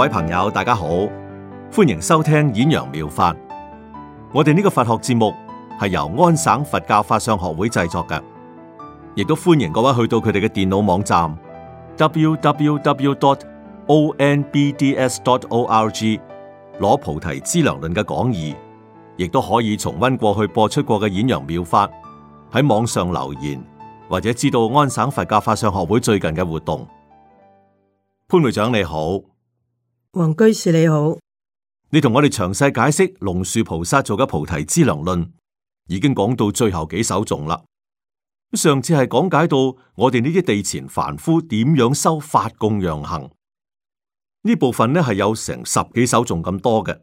各位朋友，大家好，歡迎收聽《演揚妙、妙法》。我哋呢個佛學節目係由安省佛教法相學會製作嘅，亦都歡迎各位去到佢哋嘅電腦網站 www.onbds.org 攞菩提資糧論嘅講義，亦都可以重温過去播出過嘅《演揚妙法》，喺網上留言或者知道安省佛教法相學會最近嘅活動。潘會長你好。王居士你好，你同我哋詳細解釋龍樹菩薩做嘅《菩提資糧論》，已經講到最後幾首頌啦。上次係講解到我哋呢啲地前凡夫點樣修法供養行呢部分呢係有成十幾首頌咁多嘅。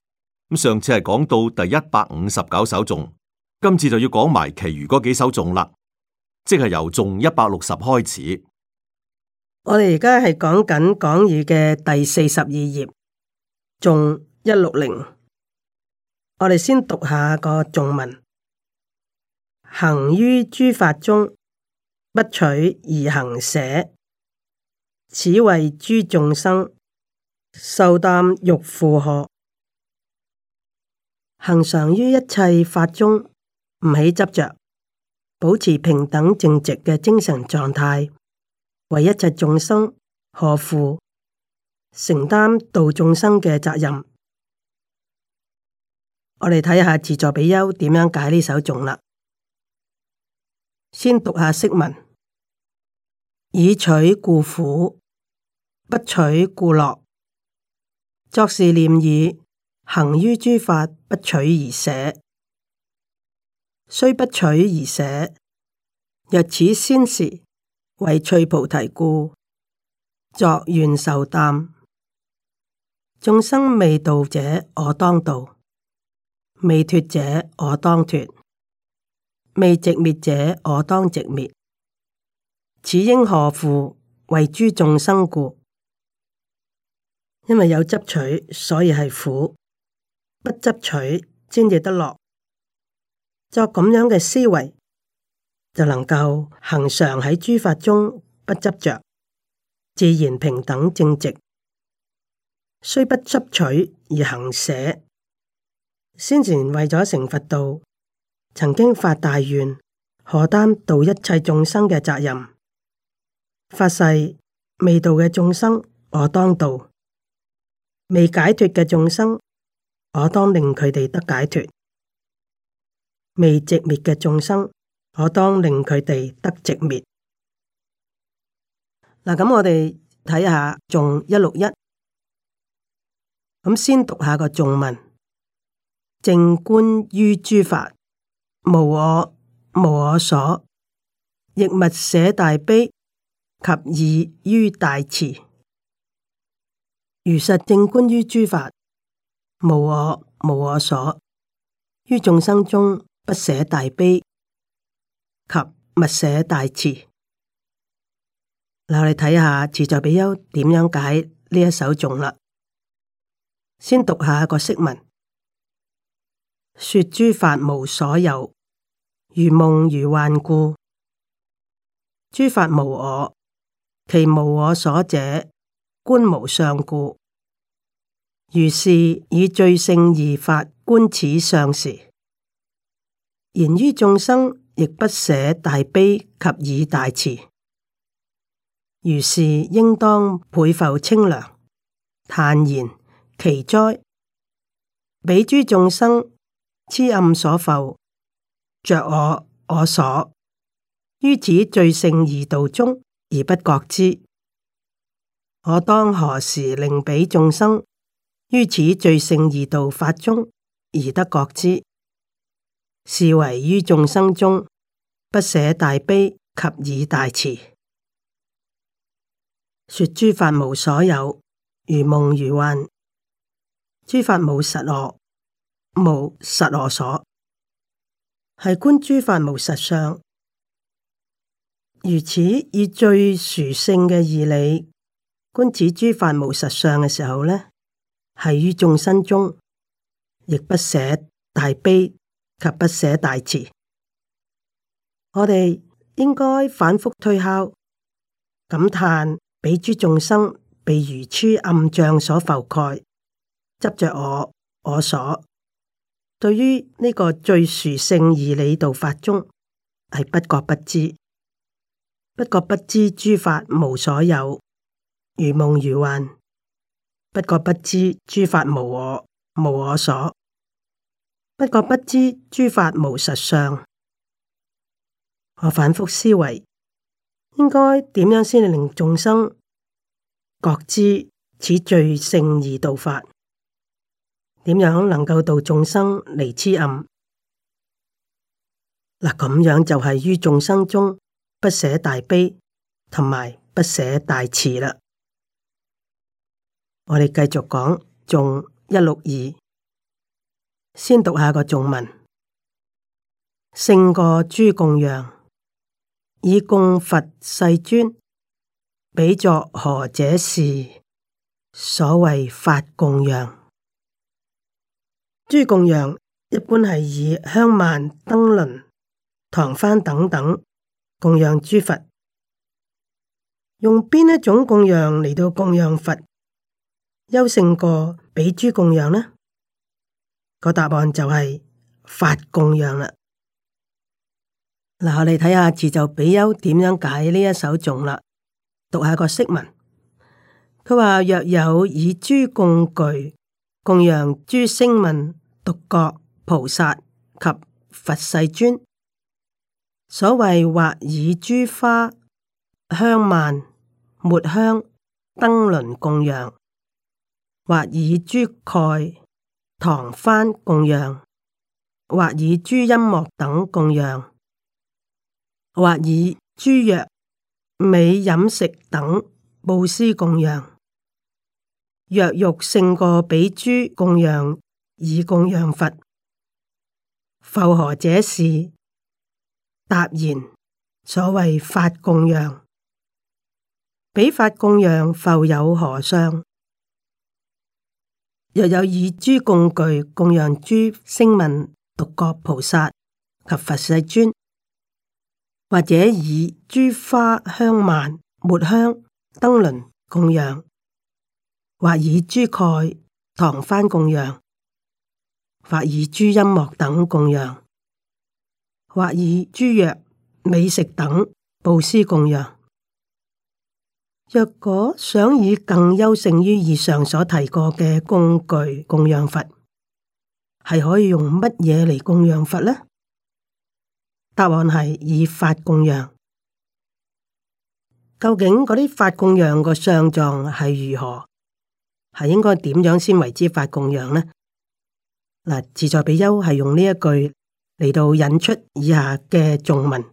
咁上次係講到第一百五十九首頌，今次就要講埋其餘嗰幾首頌啦，即係由頌一百六十開始。我哋而家係講緊講義嘅第四十二頁。頌一六零，160, 我哋先讀下個頌文。行於諸法中，不取而行捨，此為諸眾生，受擔欲負荷。行常於一切法中，唔起執着，保持平等正直嘅精神狀態，為一切眾生何負？承擔度眾生嘅責任，我哋睇下自助比丘點樣解呢首頌啦。先讀下釋文：以取故苦，不取故樂。作是念已，行於諸法，不取而捨。雖不取而捨，若此先時為趣菩提故，作願受擔。眾生未度者，我當度；未脫者，我當脫；未寂滅者，我當寂滅。此應何苦？為諸眾生故。因為有執取，所以係苦；不執取，先至得樂。作咁樣嘅思維，就能夠恒常喺諸法中不執着，自然平等正直。雖不執取而行捨，先前為咗成佛道，曾經發大願，荷擔度一切眾生嘅責任。發誓未度嘅眾生，我當度；未解脱嘅眾生，我當令佢哋得解脱；未寂滅嘅眾生，我當令佢哋得寂滅。嗱，咁我哋睇下，仲一六一。咁先讀下個頌文，正觀於諸法，無我無我所，亦勿捨大悲及以於大慈。如實正觀於諸法，無我無我所，於眾生中不捨大悲及勿捨大慈。嗱，我哋睇下自在比丘點樣解呢一首頌啦。先讀下一個釋文：說諸法無所有，如夢如幻故，諸法無我，其無我所者，觀無相故。如是以最勝二法觀此上時，言於眾生亦不捨大悲及以大慈。如是應當倍浮清涼，淡言。」其哉，彼諸眾生癡暗所浮着我我所，於此最勝義道中而不覺知，我當何時令彼眾生於此最勝義道法中而得覺知？是為於眾生中不捨大悲及以大慈，說諸法無所有，如夢如幻。諸法無實我，無實我所，係觀諸法無實相。如此以最殊勝嘅義理觀此諸法無實相嘅時候呢，係於眾生中，亦不捨大悲及不捨大慈。我哋應該反復推敲，感嘆彼諸眾生被如癡暗障所覆蓋。執着我我所，對於呢個最殊勝義理道法中，係不覺不知，不覺不知諸法無所有，如夢如幻；不覺不知諸法無我，無我所；不覺不知諸法無實相。我反覆思維，應該點樣先令眾生覺知此最勝義道法？點樣能夠度眾生離癡暗？嗱，咁樣就係於眾生中不捨大悲同埋不捨大慈啦。我哋繼續講頌一六二，先讀下個頌文：勝過諸供養，以供佛世尊，彼作何者是？所謂法供養。諸供養一般係以香、曼、燈、輪、唐幡等等供養諸佛，用邊一種供養嚟到供養佛，優勝過比諸供養呢？個答案就係法供養喇。嗱，我哋睇下字就比丘點樣解呢一首頌啦。讀下個釋文，佢話若有以諸供具。供養諸聲聞、獨覺、菩薩及佛世尊，所謂或以諸花香曼、末香、燈輪供養，或以諸蓋、唐幡供養，或以諸音樂等供養，或以諸藥、美飲食等布施供養。若欲勝過比諸供養以供養佛，復何者是？答言：所謂法供養，比法供養，復有何相？若有以諸供具供養諸聲聞、獨覺菩薩及佛世尊，或者以諸花香、曼、末香、燈輪供養。或以諸、蓋、幢、幡供養；或以諸、音樂等供養；或以諸、藥、美食等布施供養。若果想以更優勝於以上所提過嘅工具供養佛，係可以用乜嘢嚟供養佛呢？答案係以法供養。究竟嗰啲法供養嘅相狀係如何？係應該點樣先為之法供養呢？嗱，自在比丘係用呢一句嚟，到引出以下嘅頌文，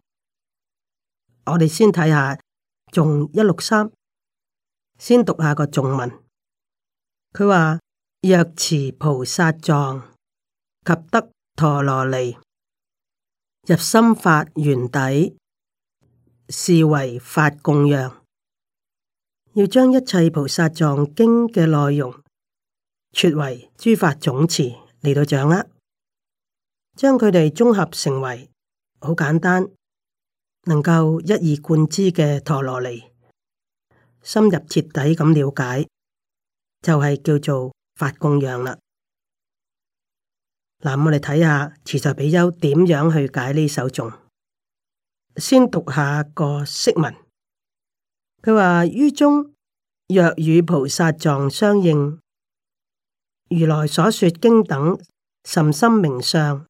我哋先睇下頌一六三，先讀下個頌文。佢話，若持菩薩藏及得陀羅尼入心法原底，是為法供養。要將一切菩薩藏經嘅內容，撮為諸法總持嚟到掌握，將佢哋綜合成為好簡單，能夠一以貫之嘅陀羅尼，深入徹底咁了解，就係、是、叫做法供養啦。嗱，我哋嚟睇下自在比丘點樣去解呢首頌，先讀下個釋文。佢話於中若與菩薩藏相應，如來所說經等甚深名相，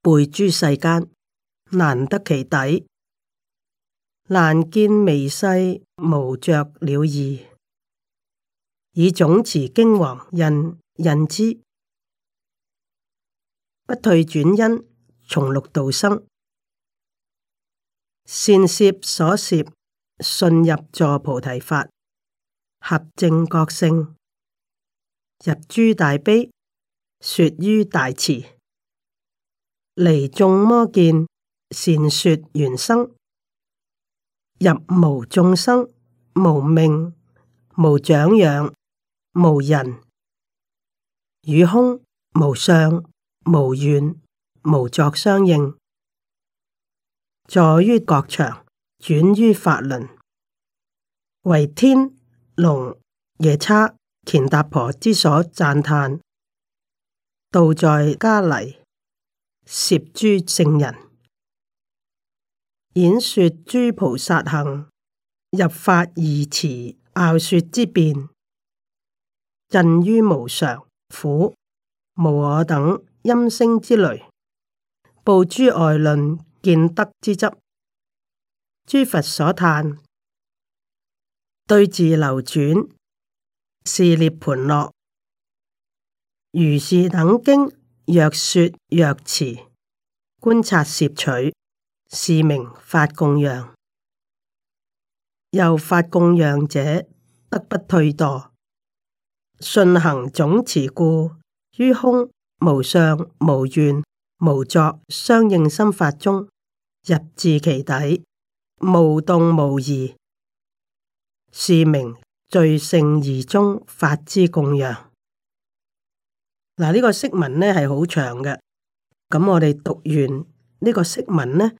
背諸世間，難得其底，難見微細，無着了義。以總持經王印印之，不退轉因，從六道生，善攝所攝。信入助菩提法，合正覺性，入諸大悲，說於大慈，離眾魔見，善說緣生，入無眾生，無命，無長養，無人，與空無相，無願，無作相應，坐於覺場。轉於法輪，為天龍夜叉乾達婆之所讚歎。道在迦黎，攝諸聖人，演說諸菩薩行，入法而持拗說之辯，震於無常苦，無我等音聲之雷，布諸外論見得之執。諸佛所嘆，對治流轉，示涅槃樂，如是等經，若說若持，觀察攝取，是名法供養。又法供養者，得不退墮，信行總持故。於空無相無願無作相應心法中，入自其底。無動無疑，是名具勝義中法之供養。嗱、這個，呢個釋文呢係好長嘅，咁我哋讀完呢個釋文呢，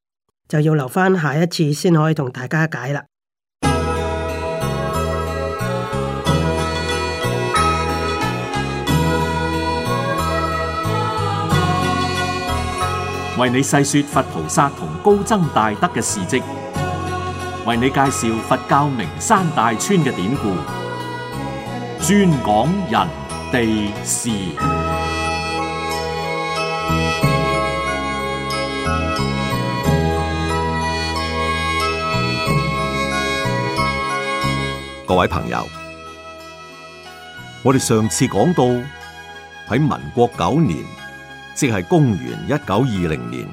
就要留翻下一次先可以同大家解啦。為你細說佛菩薩同高僧大德嘅事跡。為你介紹佛教名山大川嘅典故，專講人地事。各位朋友，我哋上次講到喺民國九年，即係公元一九二零年，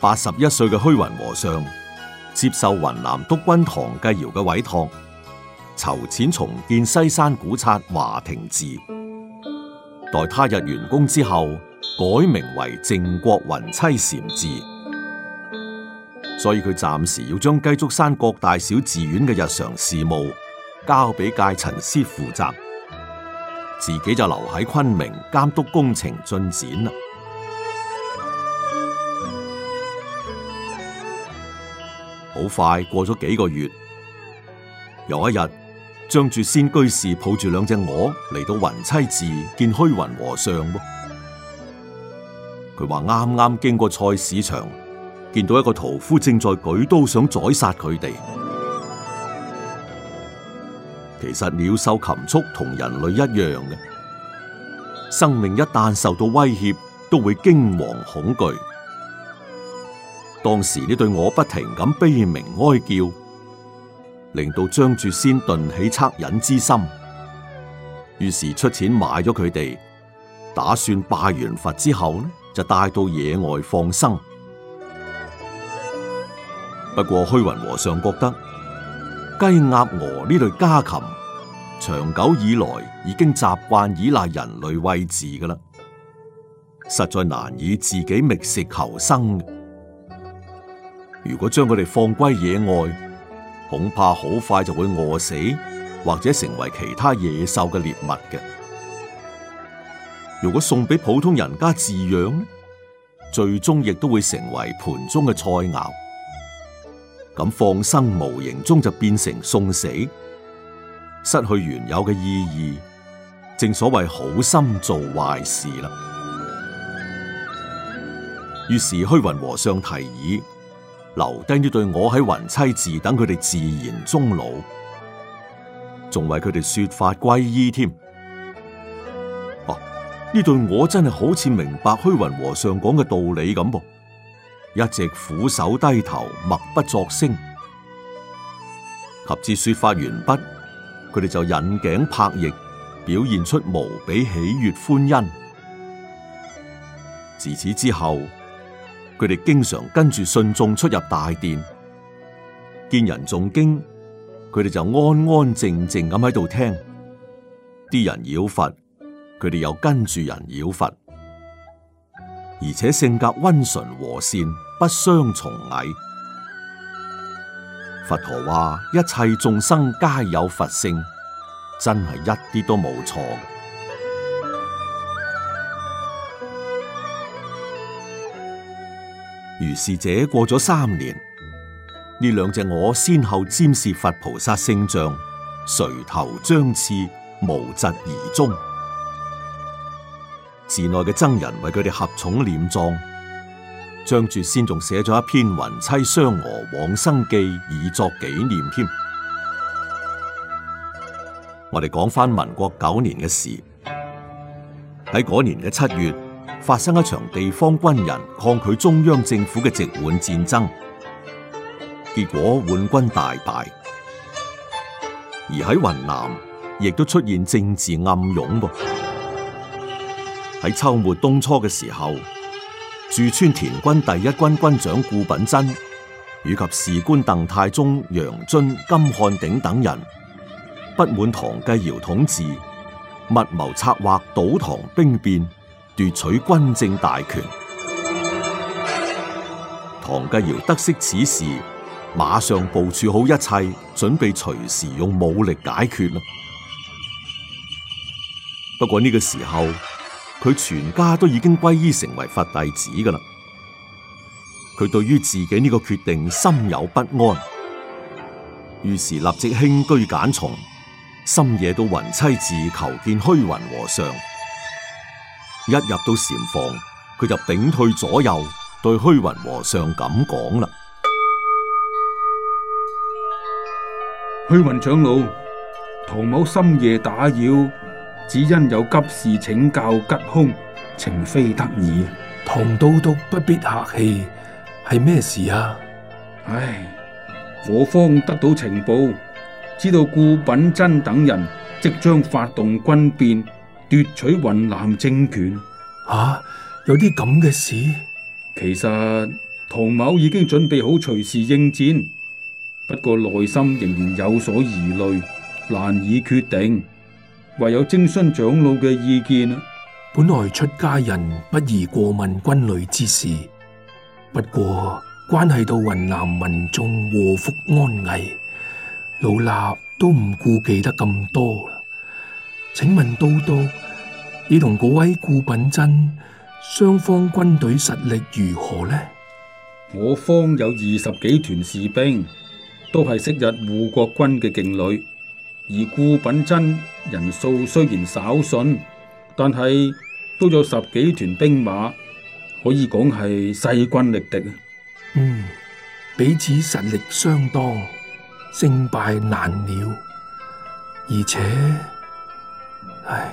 八十一歲嘅虛雲和尚，接受雲南督軍唐繼堯嘅委託，籌錢重建西山古剎華亭寺。待他日完工之後，改名為靖國雲妻禪寺。所以佢暫時要將雞足山各大小寺院嘅日常事務交俾戒塵師負責，自己就留喺昆明監督工程進展啦。好快過咗幾個月，有一日，張住仙居士抱住兩隻鵝嚟到雲棲寺見虛雲和尚。佢話啱啱經過菜市場，見到一個屠夫正在舉刀想宰殺佢哋。其實鳥獸禽畜同人類一樣嘅，生命一旦受到威脅，都會驚惶恐懼。當時你對我不停咁悲鳴哀叫，令到張住先頓起惻隱之心，於是出錢買咗佢哋，打算拜完佛之後呢，就帶到野外放生。不過虛雲和尚覺得雞鴨鵝呢類家禽，長久以來已經習慣依賴人類餵飼噶啦，實在難以自己覓食求生。如果將佢哋放歸野外，恐怕好快就會餓死，或者成為其他野獸嘅獵物嘅。如果送俾普通人家飼養，最終亦都會成為盤中嘅菜餚。咁放生無形中就變成送死，失去原有嘅意義。正所謂好心做壞事啦。於是虛雲和尚提議。留低呢對，我喺雲棲寺等佢哋自然終老，仲為佢哋說法皈依添。哦、啊，呢對，我真係好似明白虛雲和尚講嘅道理咁噃，一直俯首低頭，默不作聲。及至說法完畢，佢哋就引頸拍翼，表現出無比喜悅歡欣。自此之後。佢哋經常跟住信眾出入大殿，見人誦經，佢哋就安安靜靜咁喺度聽。啲人繞佛，佢哋又跟住人繞佛，而且性格溫順和善，不相從矮。佛陀話：一切眾生皆有佛性，真係一啲都冇錯。如是者過咗三年，呢兩隻鵝先後瞻視佛菩薩聖像，垂頭張翅，無疾而終。寺內嘅僧人為佢哋合重殮葬，張住先仲寫咗一篇《雲妻雙鵝往生記》以作紀念添。我哋講翻民國九年嘅事，喺嗰年嘅七月。發生一場地方軍人抗拒中央政府嘅直皖戰爭，結果皖軍大敗，而喺雲南亦都出現政治暗湧。喺秋末冬初嘅時候，駐川滇軍第一軍軍長顧品珍以及士官鄧泰中、楊蓁、金漢鼎等人不滿唐繼堯統治，密謀策劃倒唐兵變。奪取軍政大權，唐繼堯得悉此事，馬上部署好一切，準備隨時用武力解決啦。不過呢個時候，佢全家都已經皈依成為佛弟子噶啦。佢對於自己呢個決定心有不安，於是立即輕居簡從，深夜到雲棲寺求見虛雲和尚。一入到禪房，佢就屏退左右，對虛雲和尚咁講啦：虛雲長老，唐某深夜打擾，只因有急事請教吉空，吉凶情非得已。唐都督不必客氣，係咩事啊？唉，我方得到情報，知道顧品珍等人即將發動軍變。奪取雲南政權？吓，有啲咁嘅事。其實唐某已經準備好隨時應戰，不過內心仍然有所疑慮，難以決定，唯有徵詢長老嘅意見啦。本來出家人不宜過問軍旅之事，不過關係到雲南民眾禍福安危，老衲都唔顧忌得咁多啦。請問都督，你同嗰位顧品珍雙方軍隊實力如何呢？我方有二十幾團士兵，都係昔日護國軍嘅勁旅，而顧品珍人數雖然稍遜，但係都有十幾團兵馬，可以講係勢均力敵。嗯，彼此實力相當，勝敗難料，而且，唉。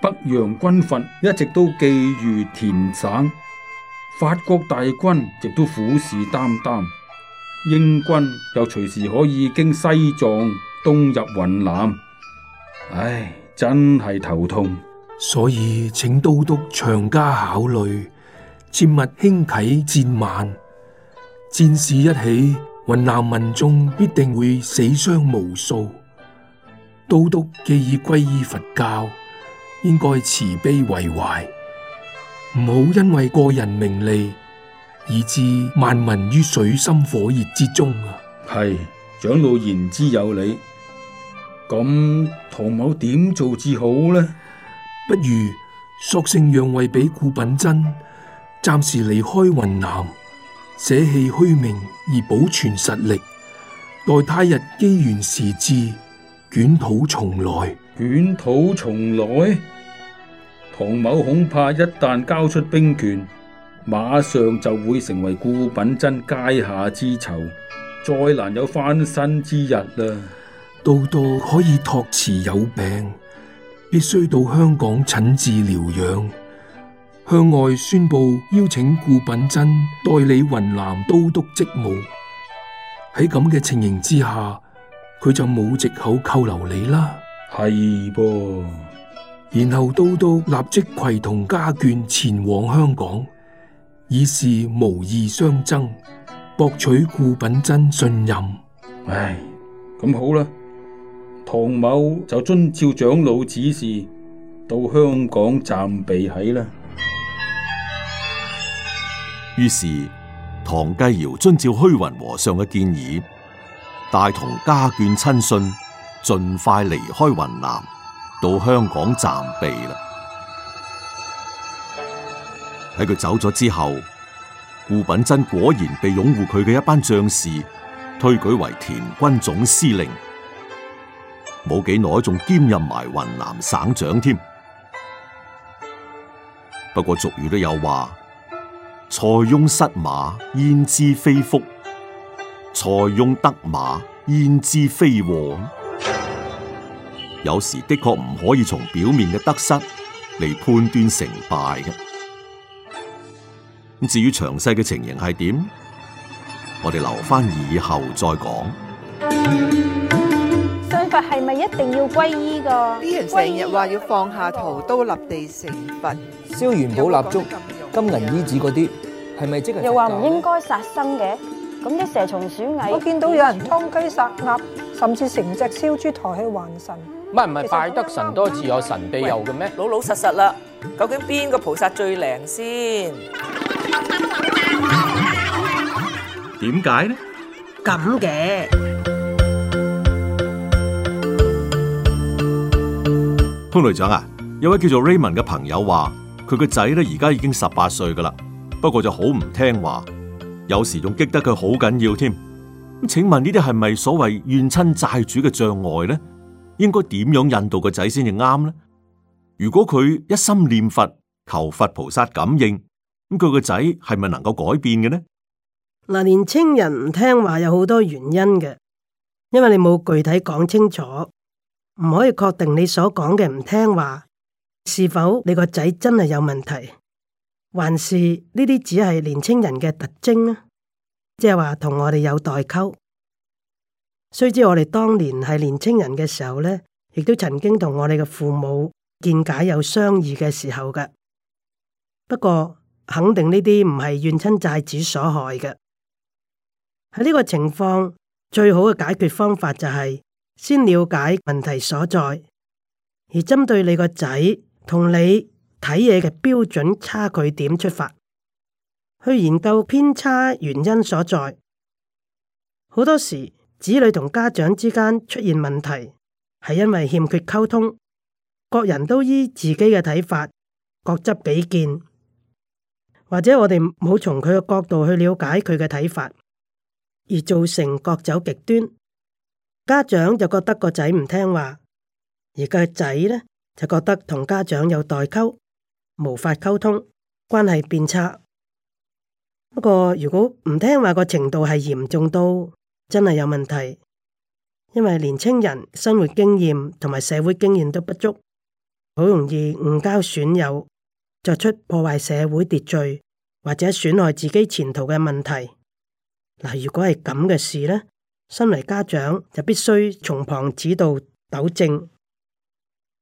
北洋軍閥一直都覬覦滇省，法國大軍亦都虎視眈眈，英軍又隨時可以經西藏東入雲南，唉，真係頭痛。所以請都督長加考慮，切勿輕啟戰慢，戰事一起，雲南民眾必定會死傷無數。都督既已皈依佛教。應該慈悲為懷，唔好因為個人名利而置萬民於水深火熱之中啊！係，長老言之有理，咁唐某點做至好呢？不如索性讓位俾顧品珍，暫時離開雲南，捨棄虛名而保存實力，待他日機緣時至，捲土重來。捲土重來。唐某恐怕，一旦交出兵權，馬上就會成為顧品珍階下之囚，再難有翻身之日啦。到到可以托辭有病，必須到香港診治療養，向外宣布邀請顧品珍代理雲南都督職務。喺咁嘅情形之下，佢就冇借口扣留你啦。係噃。然後到到立即攜同家眷前往香港，以示無意相爭，博取顧品珍信任。唉，咁好啦，唐某就遵照長老指示，到香港暫避喺啦。於是唐繼堯遵照虛云和尚嘅建議，帶同家眷親信，盡快離開雲南。到香港暫避啦！喺佢走咗之後，顧品珍果然被擁護佢嘅一班將士推舉為滇軍總司令，冇幾耐仲兼任埋雲南省長添。不過俗語都有話：塞翁失馬，焉知非福；塞翁得馬，焉知非禍。有時的確唔可以從表面嘅得失嚟判斷成敗嘅。咁至於詳細嘅情形係點，我哋留翻以後再講、嗯。信佛係咪一定要皈依噶？啲人成日話要放下屠刀立地成佛，燒元寶蠟燭、金銀衣紙嗰啲，係咪、嗯、即係？又話唔應該殺生嘅，咁啲蛇蟲鼠蟻，我見到有人劏雞殺鴨，甚至成隻燒豬抬去還神。唔唔係，拜得神多自有神庇佑嘅咩？老老實實啦，究竟邊個菩薩最靈先？點解呢？咁嘅通雷長啊，有位叫做 Raymond 嘅朋友話，佢個仔咧而家已經十八歲噶啦，不過就好唔聽話，有時仲激得佢好緊要添。咁請問呢啲係咪所謂怨親債主嘅障礙咧？應該點樣引導個仔先至啱咧？如果佢一心念佛求佛菩薩感應，咁佢個仔係咪能夠改變嘅呢？嗱，年青人唔聽話有好多原因嘅，因為你冇具體講清楚，唔可以確定你所講嘅唔聽話是否你個仔真係有問題，還是呢啲只係年青人嘅特徵咧？即係話同我哋有代溝。雖知我哋當年係年青人嘅時候咧，亦都曾經同我哋嘅父母見解有相異嘅時候嘅。不過肯定呢啲唔係冤親債主所害嘅。喺呢個情況，最好嘅解決方法就係先了解問題所在，而針對你個仔同你睇嘢嘅標準差距點出發，去研究偏差原因所在。好多時。子女同家長之間出現問題，係因為欠缺溝通，各人都依自己嘅睇法，各執己見，或者我哋冇從佢嘅角度去了解佢嘅睇法，而造成各走極端。家長就覺得個仔唔聽話，而個仔呢就覺得同家長有代溝，無法溝通，關係變差。不過如果唔聽話個程度係嚴重到。真係有問題，因為年輕人生活經驗同埋社會經驗都不足，好容易誤交損友，作出破壞社會秩序或者損害自己前途嘅問題。嗱，如果係咁嘅事呢，身為家長就必須從旁指導糾正，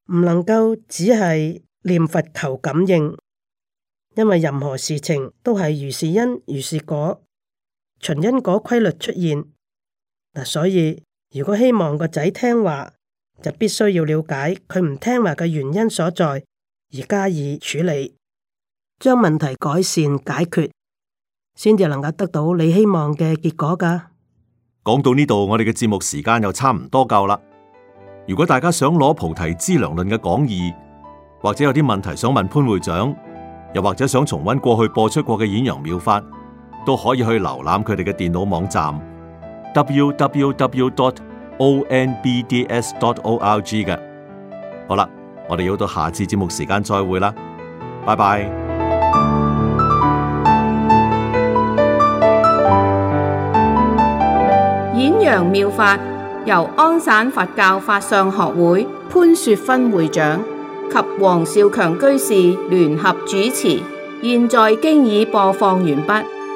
唔能夠只係念佛求感應，因為任何事情都係如是因如是果，循因果規律出現。嗱，所以如果希望個仔聽話，就必須要了解佢唔聽話嘅原因所在，而加以處理，將問題改善解決，先至能夠得到你希望嘅結果噶。講到呢度，我哋嘅節目時間又差唔多夠啦。如果大家想攞《菩提資糧論》嘅講義，或者有啲問題想問潘會長，又或者想重溫過去播出過嘅演揚妙法，都可以去瀏覽佢哋嘅電腦網站。w w w d o t o n b d s d o t o l g 嘅。好啦，我哋要到下次節目時間再會啦，拜拜。演揚妙法由安省佛教法相學會潘雪芬會長及黃少強居士聯合主持，現在經已播放完畢。